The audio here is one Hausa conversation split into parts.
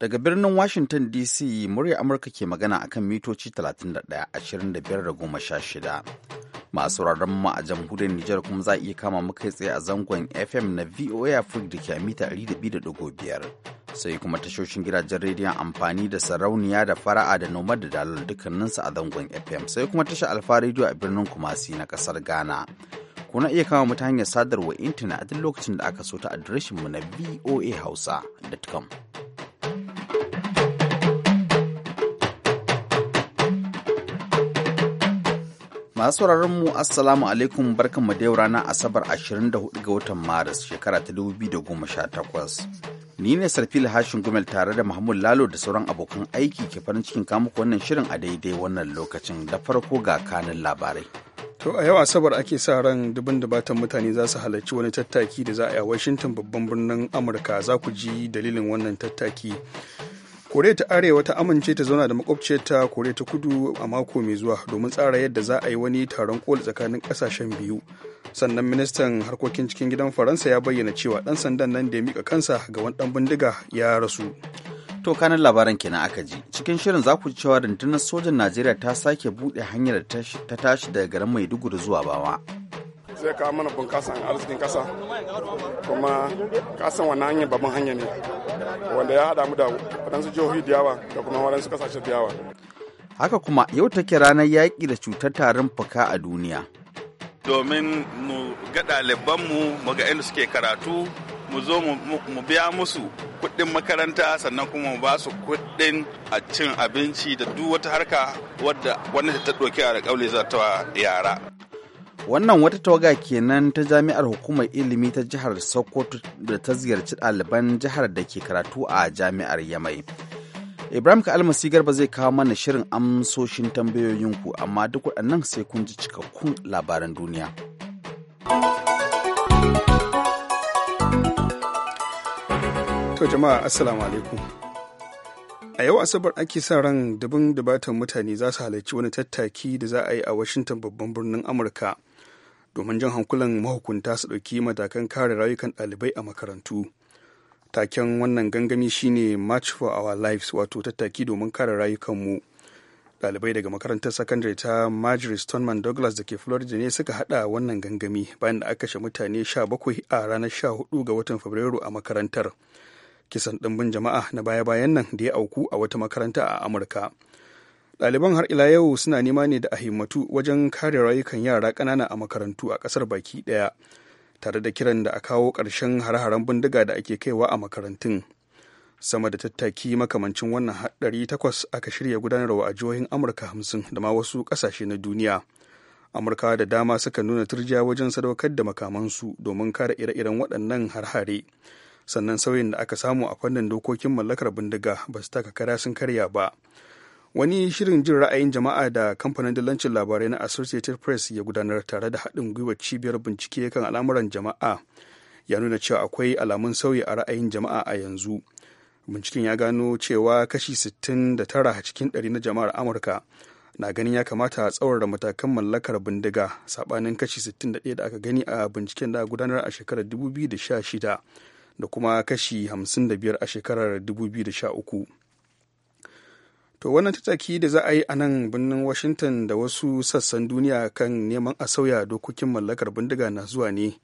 Daga birnin Washington DC murya Amurka ke magana akan mitoci 31-25-16. Masu rarren mu a jamhuriyar Nijar kuma za a iya kama mu kai tsaye a zangon FM na VOA Africa da ke a mita 200.5. Sai kuma tashoshin gidajen rediyon amfani da sarauniya da fara'a da noma da dalar dukkaninsu a zangon FM. Sai kuma tashar Alfa rediyo a birnin Kumasi na kasar Ghana. kuna iya kama mu ta hanyar sadarwa intanet a duk lokacin da aka so ta adireshinmu na hausa.com. Masu sauraron mu Assalamu alaikum barkan mu da yau ranar Asabar 24 ga watan Maris shekara ta 2018. Ni ne Sarfil Hashin Gumel tare da Mahmud Lalo da sauran abokan aiki ke farin cikin kamuka wannan shirin a daidai wannan lokacin da farko ga kanin labarai. To a yau Asabar ake sa ran dubin dubatan mutane za su halarci wani tattaki da za a yi a Washington babban birnin Amurka za ku ji dalilin wannan tattaki. koreya ta arewa ta amince ta zauna da makwabciyarta koreya ta kudu a mako mai zuwa domin tsara yadda za a yi wani taron koli tsakanin kasashen biyu sannan ministan harkokin cikin gidan faransa ya bayyana cewa dan sandan nan da ya mika kansa ga wani dan bindiga ya rasu to kanan labaran kenan aka ji cikin shirin za ku ji cewa rundunar sojan najeriya ta sake buɗe hanyar ta tashi daga garin maiduguri zuwa bawa zai kawo mana a arzikin kasa kuma kasan wannan hanyar babban hanya ne wanda ya haɗa mu da waɗansu jihohi da yawa da kuma waɗansu kasashe da yawa haka kuma yau take ranar yaƙi da cutar tarin fuka a duniya domin mu ga ɗalibanmu mu ga inda suke karatu mu zo mu biya musu kuɗin makaranta sannan kuma mu ba su kuɗin a cin abinci da duk wata harka wadda wani ta ɗauki a za ta yara wannan wata tawaga kenan ta jami'ar hukumar ilimi ta jihar sokoto da ta ziyarci ɗaliban jihar da ke karatu a jami'ar yamai ibrahim ka almasi garba zai kawo mana shirin amsoshin tambayoyinku amma duk waɗannan sai kun ji cikakkun labaran duniya to jama'a assalamu alaikum a yau asabar ake sa ran dubin dubatan mutane za su halarci wani tattaki da za a yi a washington babban birnin amurka domin jan hankulan mahukunta su ɗauki matakan kare rayukan ɗalibai a makarantu taken wannan gangami shine march for our lives wato tattaki domin kare rayukanmu ɗalibai daga makarantar sakandare ta marjorie stoneman douglas da ke florida ne suka hada wannan gangami bayan da aka kashe mutane bakwai a ranar sha hudu ga watan fabrairu a makarantar kisan ɗimbin jama'a na baya-bayan nan da ya auku a wata makaranta a amurka ɗaliban har ila yau suna nema ne da a himmatu wajen kare rayukan yara ƙanana a makarantu a ƙasar baki ɗaya tare da kiran da a kawo ƙarshen hare-haren bindiga da ake kaiwa a makarantun sama da tattaki makamancin wannan haɗari takwas aka shirya gudanarwa a jihohin amurka hamsin da ma wasu ƙasashe na duniya amurka da dama suka nuna turjiya wajen sadaukar da makamansu domin kare ire-iren waɗannan har-hare sannan sauyin da aka samu a fannin dokokin mallakar bindiga ba su taka kara sun karya ba wani shirin jin ra'ayin jama'a da kamfanin dillancin labarai na associated press ya gudanar tare da haɗin gwiwar cibiyar bincike kan al'amuran jama'a ya nuna cewa akwai alamun sauyi a ra'ayin jama'a a yanzu binciken ya gano cewa kashi 69 cikin 100 na jama'ar amurka na ganin ya kamata a tsawar matakan mallakar bindiga saɓanin kashi 61 da aka gani a binciken da gudanar a shekarar 2016 da kuma kashi 55 a shekarar 2013 To wannan tattaki da za a yi a nan birnin Washington da wasu sassan duniya kan neman a sauya dokokin mallakar bindiga na zuwa ne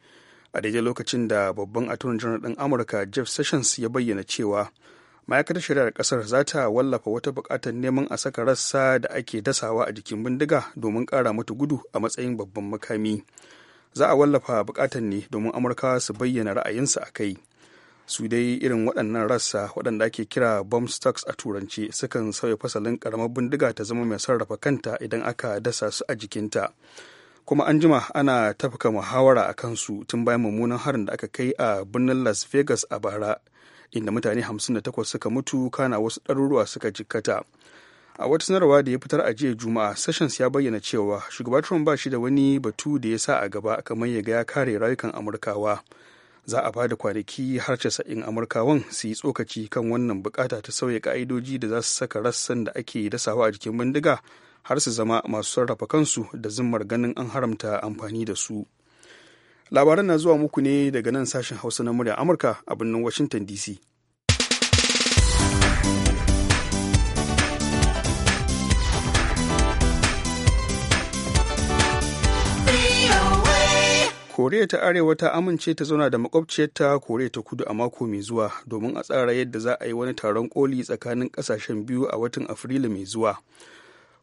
a daidai lokacin da babban attorney general ɗin Amurka Jeff Sessions ya bayyana cewa ma'aikatar shari'ar ƙasar za ta wallafa wata buƙatar neman a saka rassa da ake dasawa a jikin bindiga domin ƙara mata gudu a matsayin babban makami. Za a wallafa buƙatar ne domin Amurkawa su bayyana ra'ayinsu a kai. su dai irin waɗannan rassa waɗanda ake kira bomb stocks a turance sukan sauya fasalin ƙaramar bindiga ta zama mai sarrafa kanta idan aka dasa su a jikinta kuma an jima ana tafka muhawara a kansu tun bayan mummunan harin da aka kai a birnin las vegas a bara inda mutane 58 suka mutu kana wasu ɗaruruwa suka jikkata a wata sanarwa da ya fitar a jiya juma'a sessions ya bayyana cewa shugaba trump ba shi da wani batu da ya sa a gaba kamar ya ga ya kare rayukan amurkawa za a bada kwanaki har casa'in amurkawan su yi tsokaci kan wannan bukata ta sauya ka'idoji da za su saka rassan da ake dasawa a jikin bindiga har su zama masu sarrafa kansu da zimmar ganin an haramta amfani da su labaran na zuwa muku ne daga nan sashen hausa na murya amurka a birnin washington dc koriya ta arewa ta amince ta zauna da makwabciyarta koriya ta kudu a mako mai zuwa domin a tsara yadda za a yi wani taron koli tsakanin kasashen biyu a watan afrilu mai zuwa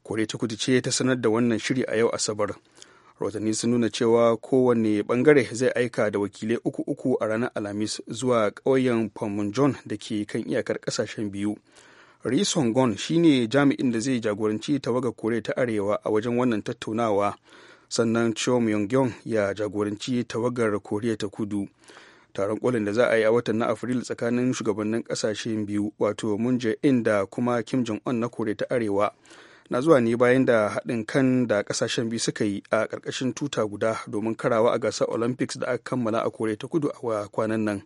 koriya ta kudu ce ta sanar da wannan shiri a yau asabar rahotanni sun nuna cewa kowane bangare zai aika da wakilai uku uku a ranar alhamis zuwa ƙauyen pamunjon da ke kan iyakar kasashen biyu ri songon shine jami'in da zai jagoranci tawagar koriya ta arewa a wajen wannan tattaunawa sannan chom yong ya jagoranci tawagar koriya ta kudu taron kolin da za a yi a watan na afrilu tsakanin shugabannin kasashen biyu wato mun in da kuma kim jong un na koriya ta arewa na zuwa ne bayan da haɗin kan da kasashen biyu suka yi a ƙarƙashin tuta guda domin karawa a gasar olympics da aka kammala a koriya ta kudu a kwanan nan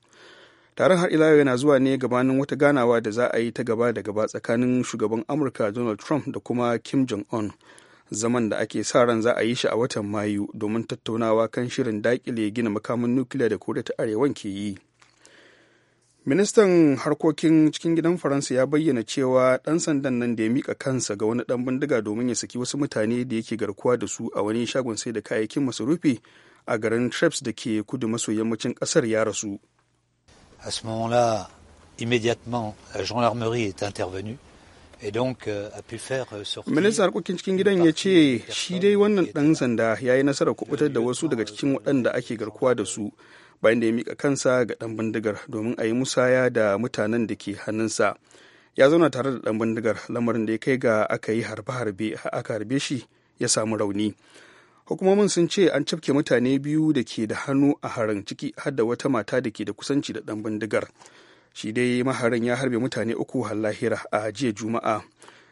taron har ila yana zuwa ne gabanin wata ganawa da za a yi ta gaba da gaba tsakanin shugaban amurka donald trump da kuma kim jong un zaman da ake sa ran za a yi shi a watan mayu domin tattaunawa kan shirin dakile gina makamin nukiliya da koriya ta arewan ke yi ministan harkokin cikin gidan faransa ya bayyana cewa ɗan sandan nan da ya mika kansa ga wani ɗan bindiga domin ya saki wasu mutane da yake garkuwa da su a wani shagon sai da kayayyakin masarufi a garin Treps da ke kudu maso yammacin ƙasar ya rasu. a ce moment-là, immédiatement, la gendarmerie est intervenue. Euh, euh, Ministan harkokin cikin gidan ya ce shi dai wannan ɗan sanda ya yi nasarar kubutar da wasu daga cikin waɗanda ake garkuwa da su bayan da ya mika kansa ga ɗan bindigar domin a yi musaya da mutanen da ke hannunsa. Ya zauna tare da ɗan bindigar lamarin da ya kai ga aka yi harbe-harbe aka harbe shi ya samu rauni. Hukumomin sun ce an cafke mutane biyu da ke da hannu a harin ciki har da wata mata da ke da kusanci da ɗan bindigar. shi dai maharin ya harbe mutane uku har lahira a jiya juma'a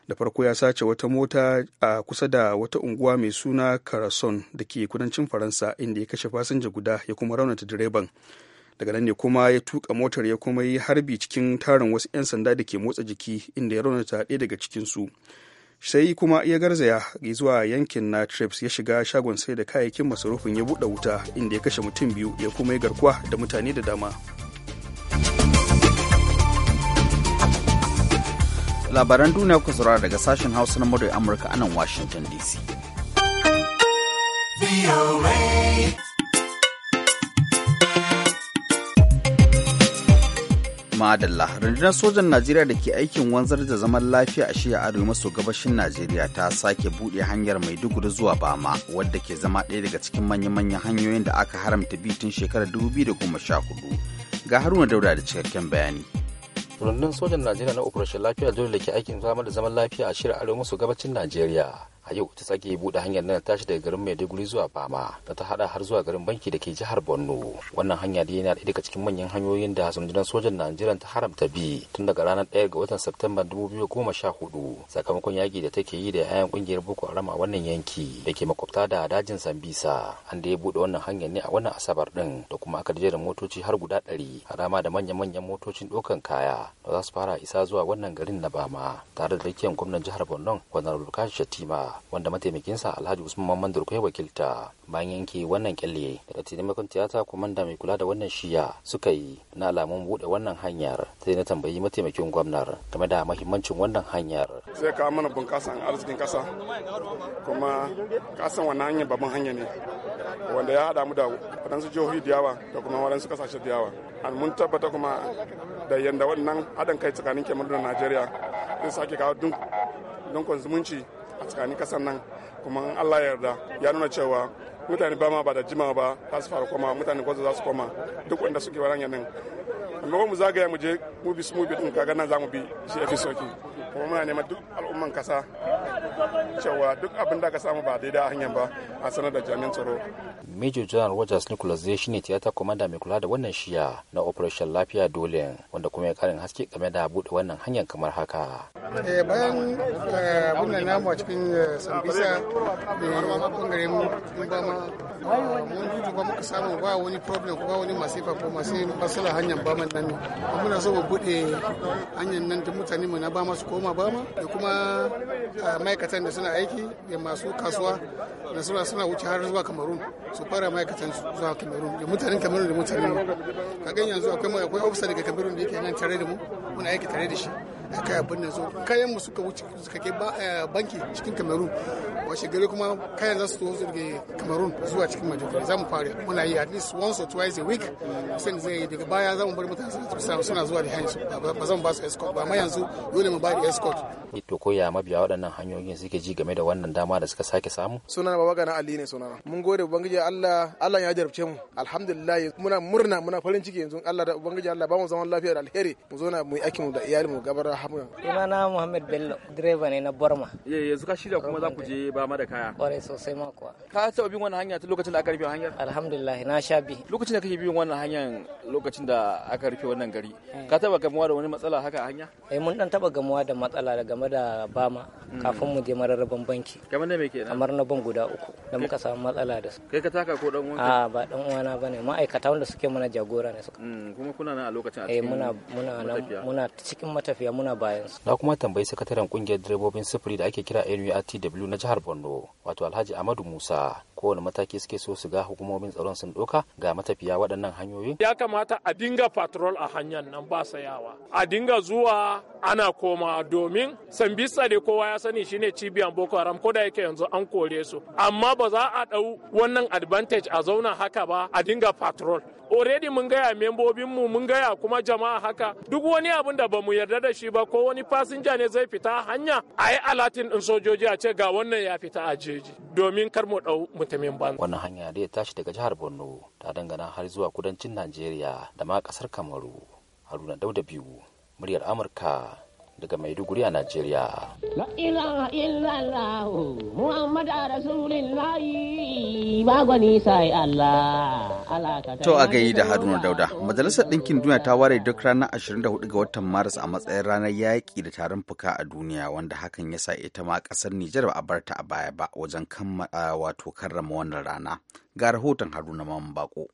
da farko ya sace wata mota a kusa da wata unguwa mai suna karason da ke kudancin faransa inda ya kashe fasinja guda ya kuma raunata direban daga nan ne kuma ya tuka motar ya kuma yi harbi cikin tarin wasu 'yan sanda da ke motsa jiki inda ya raunata ɗaya daga cikinsu sai kuma ya garzaya zuwa yankin na trips ya shiga shagon sai da kayayyakin masarufin ya buɗe wuta inda ya kashe mutum biyu ya kuma yi garkuwa da mutane da dama labaran duniya kuka saurara daga sashen hausa na murya amurka nan washington dc madalla rundunar sojan najeriya da ke aikin wanzar da zaman lafiya a shiya arewa maso gabashin najeriya ta sake buɗe hanyar mai maiduguri zuwa bama wadda ke zama ɗaya daga cikin manya-manyan hanyoyin da aka haramta bi tun shekarar 2014 ga haruna dauda da cikakken bayani rundun sojan najeriya na operation lafiya dole da ke aikin samar da zaman lafiya a shirin arewa maso gabacin najeriya a yau ta tsage buɗe hanyar nan tashi daga garin maiduguri zuwa bama da ta hada har zuwa garin banki da ke jihar borno wannan hanya da yana daga cikin manyan hanyoyin da rundunar sojan najeriya ta haramta bi tun daga ranar 1 ga watan septemba 2014 sakamakon yaki da take yi da yayan kungiyar boko haram a wannan yanki da ke makwabta da dajin sambisa an da ya buɗe wannan hanyar ne a wannan asabar din da kuma aka da motoci har guda ɗari harama da manya-manyan motocin ɗaukan kaya da za su fara isa zuwa wannan garin na bama tare da rakiyar gwamnan jihar borno kwanar bukashi shatima wanda wanda sa Alhaji Usman Mamman Durko ya wakilta bayan yanke wannan kyalle da taimakon tiyata komanda mai kula da wannan shiya suka yi na alamun buɗe wannan hanyar sai na tambayi mataimakin gwamnar game da mahimmancin wannan hanyar. sai ka mana bunƙasan arzikin ƙasa kuma kasan wannan hanyar babban hanya ne wanda ya haɗa mu da waɗansu jihohi da yawa da kuma waɗansu ƙasashe da yawa. mun tabbata kuma da yanda wannan haɗin kai tsakanin kemar da Najeriya zai sake kawo dunkon zumunci a tsakanin kasan nan kuma allah yarda ya nuna cewa mutane ba ma ba da jima ba za su fara koma mutane gwazo za su koma duk wanda suke waran nan amma mu zagaya mu je mu bi su mu bi din kaga nan za mu bi shi ya fi kuma muna neman duk al'umman kasa cewa duk abin da aka samu ba daidai a hanyar ba a sanar da jami'an tsaro major general rogers nicholas zai shine tiyata komanda mai kula da wannan shiya na operation lafiya dole wanda kuma ya karin haske game da buɗe wannan hanyar kamar haka eh, bayan wannan eh, namu a cikin eh, sambisa da bangare mu ba ma mun juju ba muka samu ba wani problem ko ba wani masifa ko masu masala hanyar ba man nan muna so mu buɗe hanyar nan da mutane mu na ba masu koma hukuma ba ma da kuma ma'aikatan da suna aiki da masu kasuwa da suna suna wuce har zuwa kamarun su fara ma'aikatan zuwa kamarun da mutanen kamarun da mutanen mu kagan yanzu akwai akwai ofisa daga kamarun da yake nan tare da mu muna aiki tare da shi da kai abin nan so kayan mu suka wuce suka kai eh, banki cikin Cameroon washe gari kuma kayan za su zo su daga Cameroon zuwa cikin Maiduguri za mu fara muna yi at least once or twice a week sai zai yi daga baya za mu bar mutane suna zuwa da hanyar ba zan ba su escort ba amma yanzu dole mu ba da escort to ko ya mabiya waɗannan hanyoyin suke ji game da wannan dama da suka sake samu sunana baba gana Ali ne sunana mun gode ubangiji Allah Allah ya jarabce mu alhamdulillah muna murna muna farin ciki yanzu Allah da ubangiji Allah ba mu zaman lafiya da alheri mu zo na mu yi aikin mu da iyali mu gabar rahama sunana muhammad bello direba ne na borma ye eh, yanzu ka shirya kuma za ku je ba ma da kaya kwarai sosai ma kuwa ka taɓa bin wannan hanya ta lokacin da aka rufe hanyar alhamdulillah na sha bi lokacin da kake bin wannan hanyar lokacin da aka rufe wannan gari eh. ka taɓa gamuwa da wani matsala haka a hanya eh mun dan taɓa gamuwa da matsala da game da bama hmm. kafin mu je mararraban banki kamar na me kenan kamar na ban guda uku da muka samu matsala da su kai ka taka ko dan uwanka a ah, ba dan uwana bane ma'aikata wanda suke mana jagora ne suka hmm, kuma kuna nan a lokacin a eh, cikin muna muna muna cikin matafiya muna bayan Na kuma tambayi sakataren kungiyar direbobin sufuri da ake kira NURTW na jihar Borno wato Alhaji Amadu Musa kowane mataki suke so su ga hukumomin tsaron sun ɗauka ga matafiya waɗannan hanyoyi. Ya kamata a dinga patrol a hanyar nan ba sayawa. A dinga zuwa ana koma domin bisa da kowa ya sani shine cibiyan Boko Haram ko da yake yanzu an kore su. Amma ba za a ɗau wannan advantage a zauna haka ba a dinga patrol. already mun gaya membobinmu mun gaya kuma jama'a haka duk wani abin da bamu yarda da shi ba ko wani fasinja ne zai fita hanya a yi alatin ɗin sojoji a ce ga wannan ya fita a jeji domin kar mu ɗau min Wannan hanya da ya tashi daga jihar Borno ta dangana har zuwa kudancin Najeriya da ma kasar Kamaru. Haruna Dauda biyu, muryar Amurka daga Maiduguri a Najeriya. La ilaha illallah Muhammad Rasulullah Allah. To a gayi da Haruna Dauda, Majalisar Ɗinkin Duniya ta ware duk ranar 24 ga watan Maris a matsayin ranar yaƙi da tarin fuka a duniya wanda hakan ya sa ita ma ƙasar Nijar ba a barta a baya ba wajen kan wato karrama wannan rana. Ga rahoton Haruna Mamman Bako.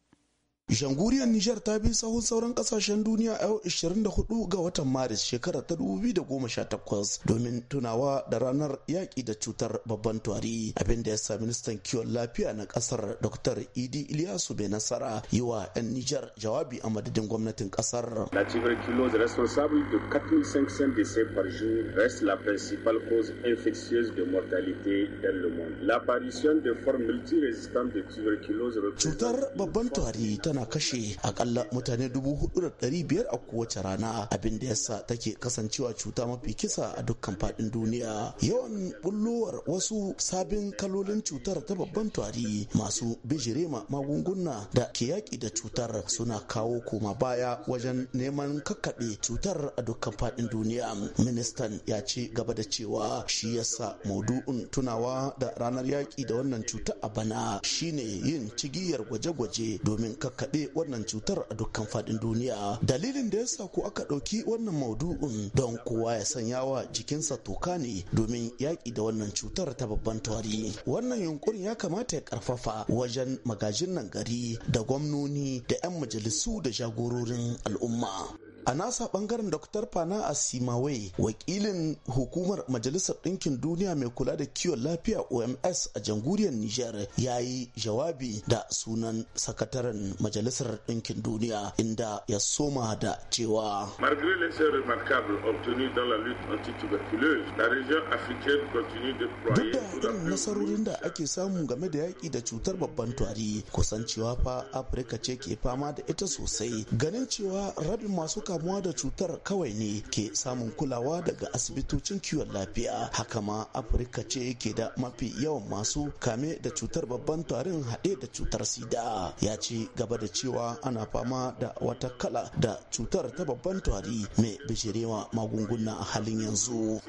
Janguriyar Nijar ta bi sahun sauran kasashen duniya a yau 24 ga watan Maris shekarar ta 2018 domin tunawa da ranar yaƙi da cutar babban tari da ya sa ministan kiwon lafiya na ƙasar, Dr. Idi Ilyasu bai nasara yi wa 'yan Nijar jawabi a madadin gwamnatin ƙasar. La tuberculose responsable de 4500 décès par jour reste la principale cause infectieuse de mortalité dans le monde. L'apparition de formes multirésistantes de tuberculose Cutar babban tari tana tana kashe akalla mutane dubu hudu da dari biyar a kowace rana abin da yasa take kasancewa cuta mafi kisa a dukkan faɗin duniya yawan bullowar wasu sabin kalolin cutar ta babban tari masu bijirema magunguna da ke yaƙi da cutar suna kawo koma baya wajen neman kakkaɓe cutar a dukkan faɗin duniya ministan ya ce gaba da cewa shi yasa maudu'un tunawa da ranar yaƙi da wannan cuta a bana shine yin cigiyar gwaje-gwaje domin kakkaɓe kakkaɓe wannan cutar a dukkan faɗin duniya dalilin da yasa ko aka ɗauki wannan maudu'in don kowa ya sanya wa jikinsa toka ne domin yaƙi da wannan cutar ta babban tari wannan yunkurin ya kamata ya karfafa wajen magajin nan gari da gwamnoni da 'yan majalisu da jagororin al'umma a nasa bangaren dr fana asimawai wakilin hukumar majalisar ɗinkin duniya mai kula da kiwon lafiya oms a janguriyar niger ya yi jawabi da sunan sakataren majalisar ɗinkin duniya inda ya soma da cewa duk da irin nasarorin da ake samu game da yaƙi da cutar babban tari kusan cewa fa afirka ce ke fama da ita sosai ganin cewa rabin masu kamuwa da cutar kawai ne ke samun kulawa daga asibitocin kiwon lafiya haka ma afirka ce ke da mafi yawan masu kame da cutar babban tarin haɗe da cutar sida ya ce gaba da cewa ana fama da wata kala da cutar ta babban tari mai bishirewa magunguna a halin yanzu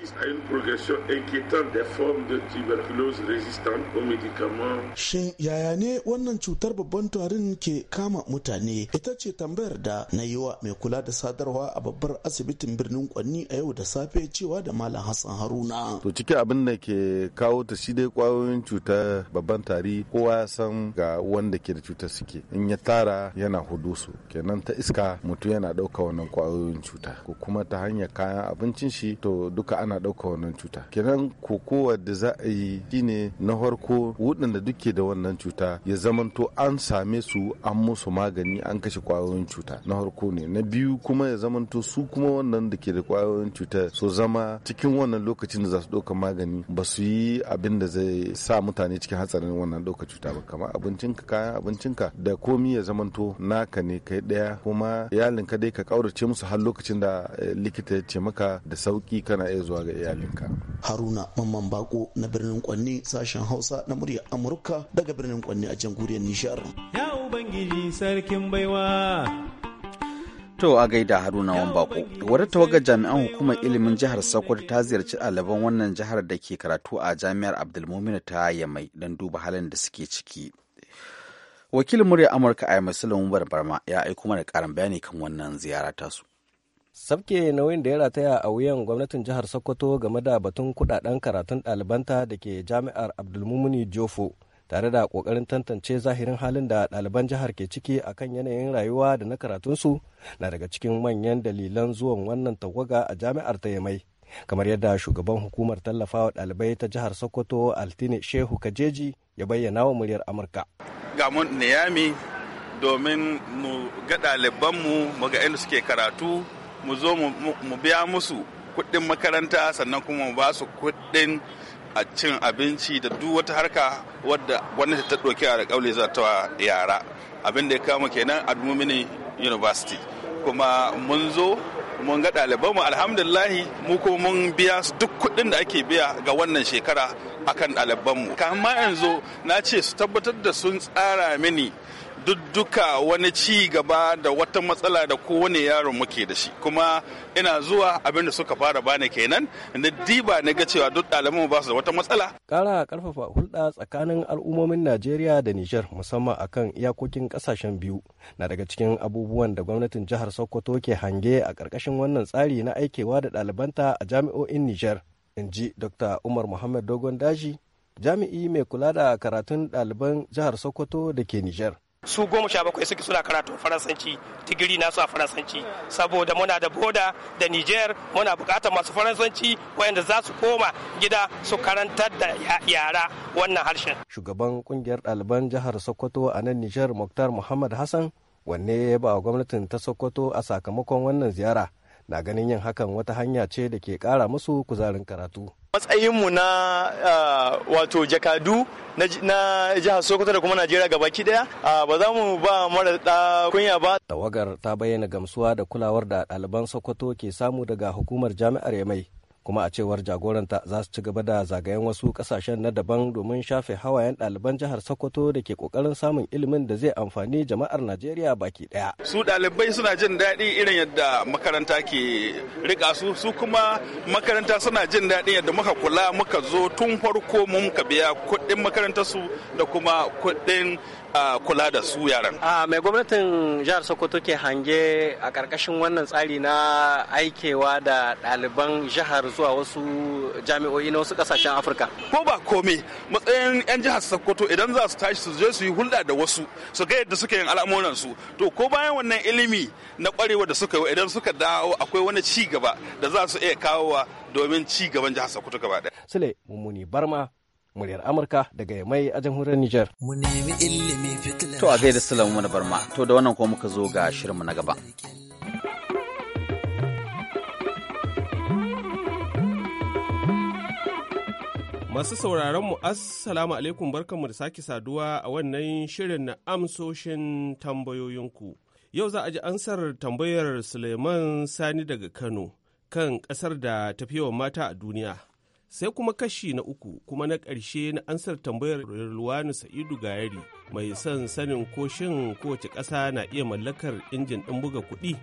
shin yaya ne wannan cutar babban tarin ke kama mutane ita ce tambayar da na yi wa mai kula da sadarwa a babbar asibitin birnin Kwanni a yau da safe cewa da Malam Hassan Haruna. To ciki abin da ke kawo ta shi dai kwayoyin cuta babban tari kowa ya san ga wanda ke da cutar suke in ya tara yana hudusu kenan ta iska mutu yana ɗauka wannan kwayoyin cuta ko kuma ta hanyar kayan abincin shi to duka ana dauka wannan cuta kenan kokowa da za a yi shine na farko da duke da wannan cuta ya zamanto an same su an musu magani an kashe kwayoyin cuta na farko ne na biyu kuma kuma ya zamanto su kuma wannan da ke da kwayoyin cutar su zama cikin wannan lokacin da za su ɗauka magani ba su yi abin da zai sa mutane cikin hatsarin wannan ɗauka cuta ba kamar abincinka kayan abincinka da komi ya zamanto naka ne kai ɗaya kuma iyalinka dai ka ƙaurace musu har lokacin da eh, likita ya ce maka da sauki kana iya zuwa ga iyalinka. Haruna Mamman Bako na birnin Kwanni sashen Hausa na murya Amurka daga birnin Kwanni a jamhuriyar Nishar. Ya Ubangiji sarkin baiwa To a gaida Haruna bako wadda tawaga jami'an hukumar ilimin jihar Sokoto ta ziyarci ɗaliban wannan jihar da ke karatu a jami'ar Abdulmuminu ta Yamai don duba halin da suke ciki. Wakilin murya Amurka a Yamai Sulaiman Barbarma ya aiko mana karin bayani kan wannan ziyara su. sabke nauyin da ya rataya a wuyan gwamnatin jihar sokoto game da batun kudaden karatun ɗalibanta da ke jami'ar abdulmumini jofo tare da kokarin tantance zahirin halin da ɗaliban jihar ke ciki a kan yanayin rayuwa da na karatunsu na daga cikin manyan dalilan zuwan wannan tawaga a jami'ar ta yamai kamar yadda shugaban hukumar tallafawa ɗalibai ta jihar sokoto altine shehu kajeji ya bayyana wa muryar amurka ga mun niyami domin mu ga ɗalibanmu mu ga inda suke karatu mu zo mu biya musu kuɗin makaranta sannan kuma mu ba su kuɗin a cin abinci da duk wata harka wadda gwamnati ta ɗauki a ƙaule za ta yara abin da ya kama kenan a mini University kuma mun zo mun ga ɗalibanmu alhamdulillahi mu ko mun biya su duk kuɗin da ake biya ga wannan shekara akan ɗalibanmu kama yanzu na ce su tabbatar da sun tsara mini duka wani ci gaba da wata matsala da kowane yaron muke da shi kuma ina zuwa abin da suka fara bani kenan na diba na ga cewa duk ɗaliban ba su da wata matsala kara karfafa hulɗa tsakanin al'ummomin najeriya da nijar musamman akan iyakokin ƙasashen biyu na daga cikin abubuwan da gwamnatin jihar sokoto ke hange a ƙarƙashin wannan tsari na aikewa da ɗalibanta a jami'o'in nijar in ji dr umar muhammad dogon daji jami'i mai kula da karatun ɗaliban jihar sokoto da ke nijar su goma sha bakwai suke suna karatun faransanci digiri nasu a faransanci saboda muna da boda da niger muna bukatar masu faransanci wayanda za su koma gida su karantar da yara wannan harshen shugaban kungiyar ɗaliban jihar sokoto a nan niger muktar muhammad hassan wanne ya ba gwamnatin ta sokoto a sakamakon wannan ziyara na ganin yin hakan wata hanya ce da ke kara musu kuzarin karatu. matsayinmu na ah, wato jakadu na jihar sokoto da kuma najeriya gabaki daya ah, ba za mu ba mara da kunya ba tawagar ta bayyana gamsuwa da kulawar da ɗaliban sokoto ke samu daga hukumar jami'ar yamai kuma a cewar jagoranta za su ci gaba da zagayen wasu kasashen na daban domin shafe hawayen ɗaliban jihar sokoto da ke kokarin samun ilimin da zai amfani jama'ar najeriya baki ɗaya su ɗalibai suna jin daɗi irin yadda makaranta ke rika su su kuma makaranta suna jin daɗi yadda muka kula muka zo tun farko mun ka biya kuɗin makarantarsu da kuma kuɗin A kula da su yaran. A mai gwamnatin jihar Sokoto ke hange a ƙarƙashin wannan tsari na aikewa da ɗaliban jihar zuwa wasu jami'o'i na wasu kasashen Afirka. Ko ba komai matsayin 'yan jihar Sokoto idan za su tashi su je su yi hulɗa da wasu su ga yadda suke yin al'amuran su to ko bayan wannan ilimi na ƙwarewa da suka yi idan suka dawo akwai wani ci gaba da za su iya kawowa domin ci gaban jihar Sokoto gaba ɗaya. Sule Mummuni Barma muryar Amurka daga Yamai a jamhuriyar Nijar. Mu nemi fitilar. To a gaida salamu na Barma, to da wannan kuma muka zo ga shirinmu na gaba. Masu sauraron mu assalamu alaikum barkanmu da sake saduwa a wannan shirin na amsoshin tambayoyinku. Yau za a ji ansar tambayar Suleiman Sani daga Kano kan ƙasar da tafiyawan mata a duniya. sai kuma kashi na uku kuma na ƙarshe na ansar tambayar Ruwanu Sa'idu Gayari mai son sanin ko shin kowace ƙasa na iya mallakar injin ɗin buga kuɗi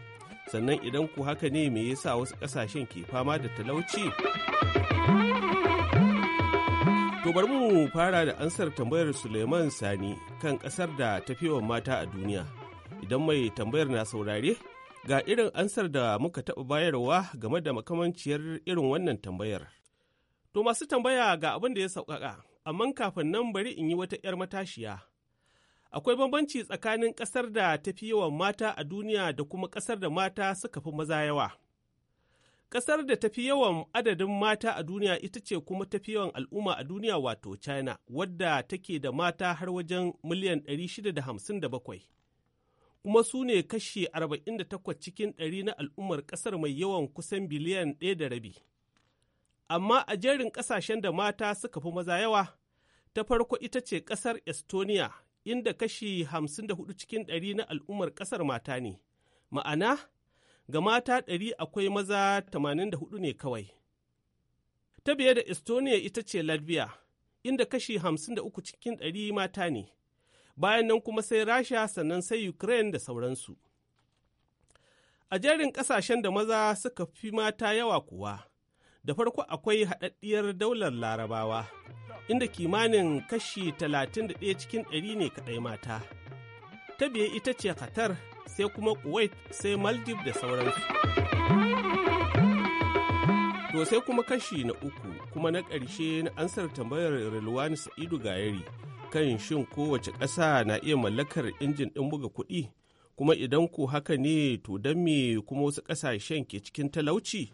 sannan idan ku haka ne me yasa wasu ƙasashen ke fama da talauci to bari mu fara da ansar tambayar Suleiman Sani kan ƙasar da yawan mata a duniya idan mai tambayar na saurare ga irin ansar da muka taɓa bayarwa game da makamanciyar irin wannan tambayar. To masu tambaya ga abin da ya sauƙaƙa, amma kafin nan bari in yi wata 'yar matashiya. Akwai bambanci tsakanin ƙasar da ta fi yawan mata a duniya da kuma ƙasar da mata suka fi maza yawa. Ƙasar da ta fi yawan adadin mata a duniya ita ce kuma ta fi yawan al'umma a duniya wato China, wadda take da mata har wajen miliyan 657. kuma su ne kashi 48 cikin ɗari na al'ummar ƙasar mai yawan kusan biliyan ɗaya da rabi. amma a jerin ƙasashen da mata suka fi maza yawa ta farko ita ce ƙasar estonia inda kashi 54 cikin 100 na al'ummar ƙasar mata ne ma'ana ga mata 100 akwai maza 84 ne kawai ta biye da estonia ita ce latvia inda kashi 53 cikin 100 mata ne bayan nan kuma sai rasha sannan sai ukraine da sauransu a jerin ƙasashen da maza suka fi mata yawa kuwa da farko akwai haɗaɗɗiyar daular larabawa inda kimanin kashi 31 cikin 100 ne kaɗai mata ta biye ita ce qatar sai kuma kuwait sai maldives da sauransu to sai kuma kashi na uku kuma na ƙarshe na ansar tambayar rilwani sa'idu gayari kan shin kowace ƙasa na iya mallakar injin ɗin buga kuɗi kuma idan ko haka ne to don me kuma wasu ƙasashen ke cikin talauci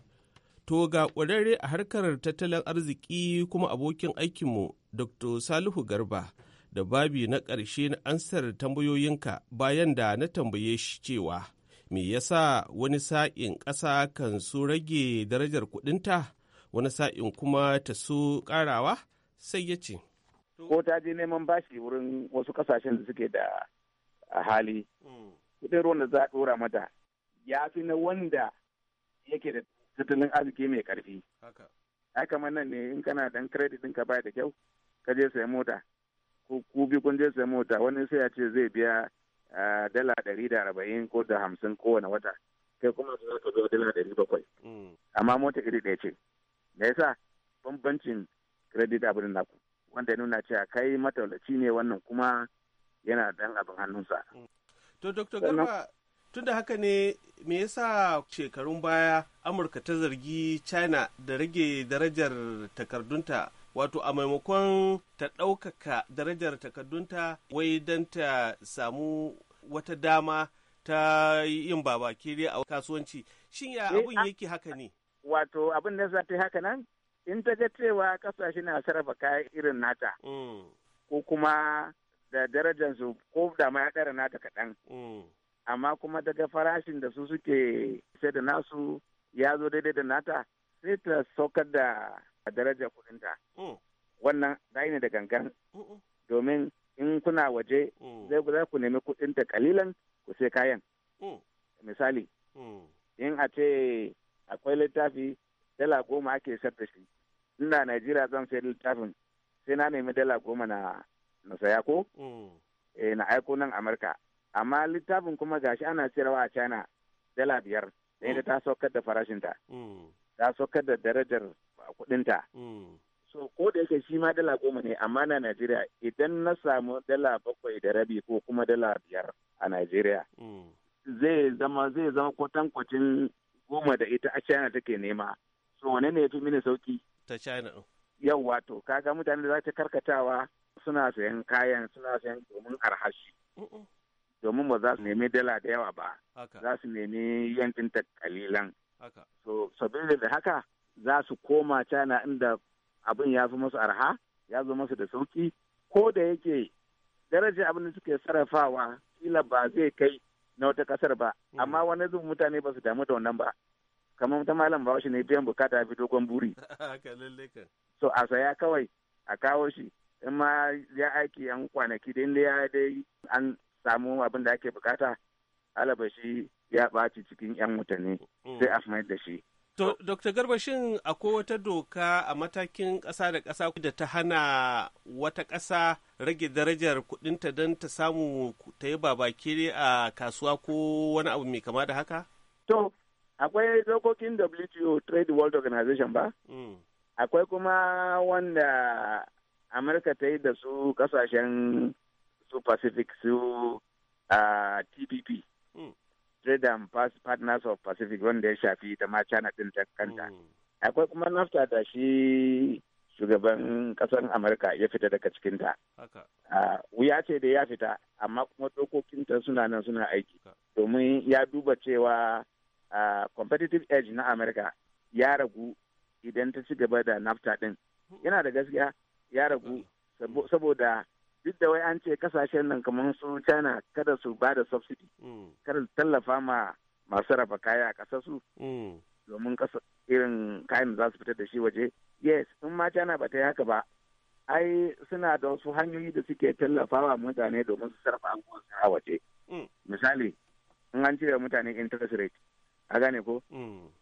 To ga ƙwararre a harkar tattalin arziki kuma abokin aikinmu Dr. Salihu Garba da babi na ƙarshe na ansar tambayoyinka bayan da na tambaye shi cewa me yasa wani sa'in ƙasa kan so rage darajar kuɗinta wani sa'in kuma ta so ƙarawa sai ya ce. Ko ta je neman bashi wurin wasu ƙasashen da suke da hali. Hmm. Kuɗin ruwan da za a ɗora mata ya fi na wanda yake da tattalin arziki mai karfi ai kamar nan ne in kana dan credit ɗinka ba da kyau ka je sai mota ko ku bi kun je sai mota wani sai ya ce zai biya dala ɗari da arba'in ko da hamsin kowane wata kai kuma su za ka biya dala ɗari bakwai mm. amma mota iri ɗaya ce me yasa bambancin credit da naku wanda ya nuna cewa kai mataulaci ne wannan kuma yana dan abin hannunsa. Mm. To, Dr. Garba, tunda haka ne me yasa shekarun baya amurka ta zargi china da rage darajar takardunta wato a maimakon ta ɗaukaka darajar takardunta wai don ta samu wata dama ta yin babakire a kasuwanci shin ya eh, abin yake haka ne wato abin da za ta yi haka nan in ta ga cewa kasashe na sarrafa kayan irin nata mm. ko kuma da darajar su ko da ma ya ɗara nata kaɗan mm. amma kuma daga farashin da su suke sai da nasu ya zo daidai da nata sai ta saukar da darajar kudinta mm. wannan dai ne da gangan domin in kuna waje mm. zai za ku nemi ta kalilan ku sai kayan mm. misali in a ce akwai littafi dala goma ake sayar da shi ina najeriya zan sai littafin sai na nemi dala goma na na saya ko eh, na aiko nan amurka amma littafin kuma gashi ana sayarwa a china dala biyar da mm. ta saukar da farashinta mm. ta saukar da darajar kudinta mm. so ko da yake shi ma dala goma ne amma na najeriya idan na samu dala bakwai da rabi ko kuma dala biyar a najeriya zai zama zai zama kwatankwacin goma da ita a china take nema so wane ne ya fi mini sauki ta china yau wato kaga mutane da za ta karkatawa suna sayan kayan suna sayan domin arhashi domin ba za su nemi dala da yawa ba za su nemi yankin ta kalilan so saboda da haka za su koma cana inda abin ya fi masu arha ya zo masu da sauki ko da yake daraja abin da suke sarrafawa kila ba zai kai na wata kasar ba hmm. amma wani zubin mutane ba su damu da wannan ba kamar ta malam ba shi ne biyan bukata bi dogon buri so a saya kawai a kawo shi in ma ya aiki an kwanaki da inda ya dai an samu abin da ake bukata alabashi ya ɓaci cikin 'yan mutane. Hmm. sai a mayar da shi. To, Dr. Garba shin akwai wata doka a matakin ƙasa da ƙasa da ta hana wata ƙasa rage darajar kuɗinta don ta samu ta yi babaki a kasuwa ko wani abu mai kama da haka? To, akwai dokokin WTO Trade World Organization ba? Hmm. Akwai kuma wanda Amurka ta yi da su ƙasashen su pacific su uh, tpp mm. trade and partners of pacific wanda ya shafi ta ma china din ta kanta hmm. akwai kuma nafta da shi shugaban ƙasar amurka ya fita daga cikinta wuya ce da ya fita amma kuma dokokinta suna nan suna aiki domin ya duba cewa competitive edge na amurka ya ragu idan ta ci gaba da nafta din hmm. yana da gaskiya ya ragu saboda duk da wai an ce kasashen nan kamar su china kada su ba da subsidy mm. kada su tallafa ma masu raba kaya a ƙasar su mm. domin kasa irin kayan za su fitar da shi waje yes in ma china ba ta yi haka ba ai suna da wasu hanyoyi da suke tallafa wa mutane domin su sarrafa abubuwan su a waje mm. misali in an cire mutane interest rate a gane ko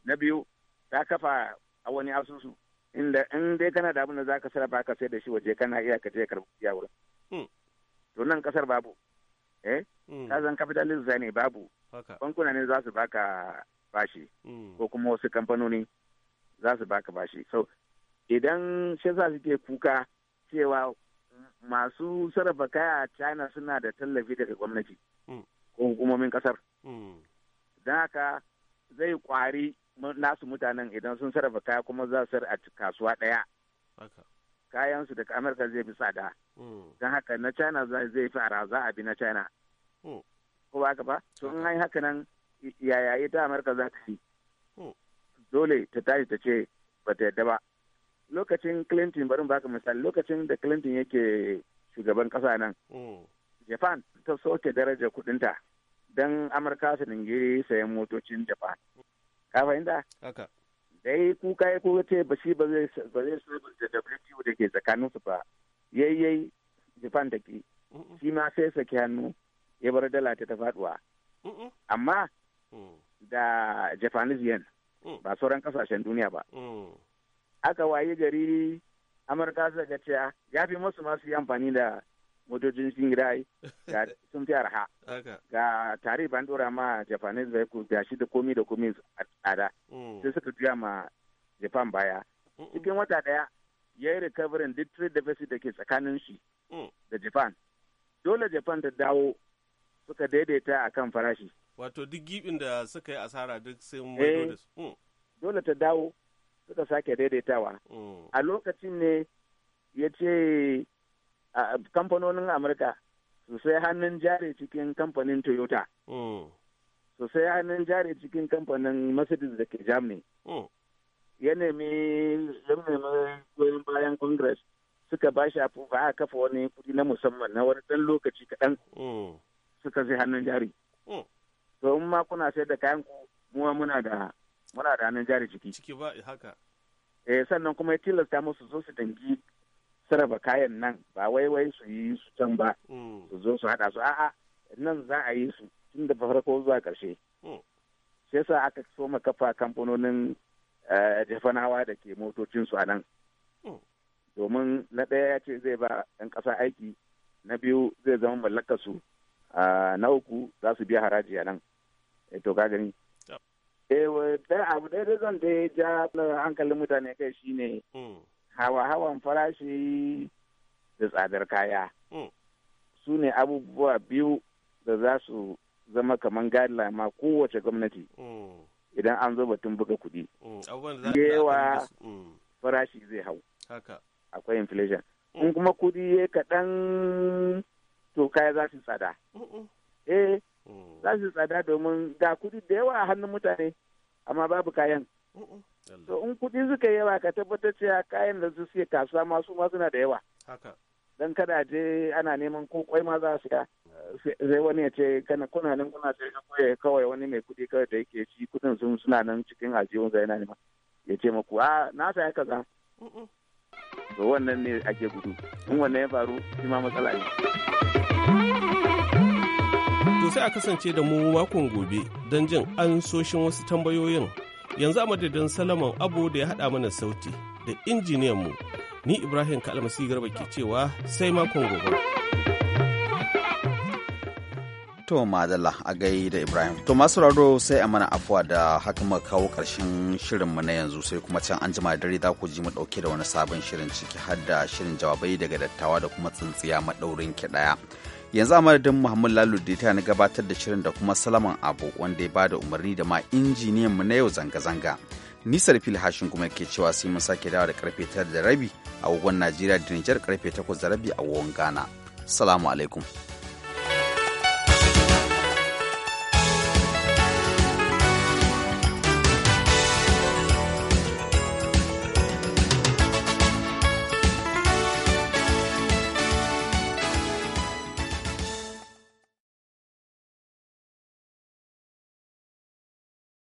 na biyu ta kafa a wani asusu inda in dai kana da abin da ka sarrafa ka sai da shi waje kana iya ka je karɓi kuɗi a wurin hmm. to nan kasar babu eh hmm. ka zan capitalism ne babu bankuna ne za su baka bashi hmm. ko kuma wasu kamfanoni za su baka bashi so idan shi yasa suke kuka cewa masu sarrafa kaya a china suna da tallafi daga gwamnati ko hukumomin kasar don haka zai kwari nasu mutanen idan sun sarrafa kaya kuma za su a kasuwa ɗaya kayansu daga amurka zai fi tsada hmm. don haka na china zai fi araza a bi na china hmm. ko ba ka ba to in an haka nan yaya ita amurka za ta yi hmm. dole ta tashi ta ce ba ta yadda ba lokacin clinton barin baka misali lokacin da clinton yake shugaban kasa nan japan ta soke daraja kudinta don amurka su ningiri sayan motocin japan ka fahimta haka da kuka ya kuka ce ba shi ba zai sabunta da WTO da ke tsakanin su ba yayyai Japan da ki shi ma sai saki hannu ya bar dala ta ta faduwa amma mm. da Japanese yen mm. ba sauran kasashen duniya ba mm. aka waye gari Amurka suka ce ya fi masu masu yi amfani da motocin shingirai ga sun fi arha ga tare an dora ma japanese vehicle ga shi da komi da komi a tsada mm. sai suka juya ma japan baya cikin wata daya ya yi recovery duk trade deficit da ke tsakanin shi mm. da japan dole japan ta dawo suka daidaita a kan farashi wato duk gibin da suka yi asara duk sai mu eh. da su mm. dole ta dawo suka sake daidaitawa a lokacin ne ya ce kamfanonin amurka su sai hannun jari cikin kamfanin toyota hmm. su sai hannun jari cikin kamfanin mercedes da ke germany hmm. ya nemi goyon bayan congress suka ba shi ba a kafa wani kudi na musamman na wani dan lokaci kaɗan hmm. suka sai hannun jari to in ma kuna sayar da kayan ku muwa muna da muna da hannun jari ciki ciki ba haka eh sannan kuma ya tilasta musu zo su dangi sarrafa kayan nan ba wai wai su yi su can ba mm. su zo su haɗa su a'a nan za a yi su tun da farko zuwa ƙarshe mm. sai yasa aka soma kafa kamfanonin eh, jafanawa da ke motocinsu a nan mm. domin na ɗaya ya ce zai ba 'yan ƙasa aiki na biyu zai zama mallakar su ah, na uku za su biya haraji a nan eh, to ka gani eh, abu ɗaya da zan da ja hankalin mutane kai shine hawa-hawan farashi da tsadar kaya hmm. su ne abubuwa biyu da za su zama kamar gadila ma kowace gwamnati hmm. idan an zo batun buga kuɗi. Hmm. yawa farashi zai hau akwai inflation in kuma kuɗi ya kaɗan to kaya za su tsada eh za su tsada domin ga kuɗi da yawa a hannun mutane amma babu kayan to in kuɗi suka yi yawa ka tabbatar cewa kayan da su suke kasuwa masu ma suna da yawa Don dan kada je ana neman ko kwai ma za su ya sai wani ya ce kana kuna nan kuna sai kawai kawai wani mai kuɗi kawai da yake shi kudin sun suna nan cikin aljihun zai yana neman ya ce maku a na saya kaza to wannan ne ake gudu in wannan ya faru shi ma matsala ne to sai a kasance da mu makon gobe don jin an soshin wasu tambayoyin yanzu a madadin salaman abu da ya haɗa mana sauti da injiniyanmu ni ibrahim kalmasi garba ke cewa sai makon gobe to madalla a gai da ibrahim to masu raro sai a mana afuwa da haka muka kawo karshen shirinmu na yanzu sai kuma can an jima dare za ku ji mu dauke da wani sabon shirin ciki har da shirin jawabai daga dattawa da kuma tsintsiya maɗaurin ki ɗaya. yanzu a madadin muhammad lalu da na gabatar da shirin da kuma salaman abu wanda ya bada umarni da ma injiniyan mu na yau zanga-zanga nisar fil hashin kuma ke cewa sai mun sake dawa da karfe tara da rabi a wagon najeriya da nijar karfe takwas da rabi a wagon ghana salamu alaikum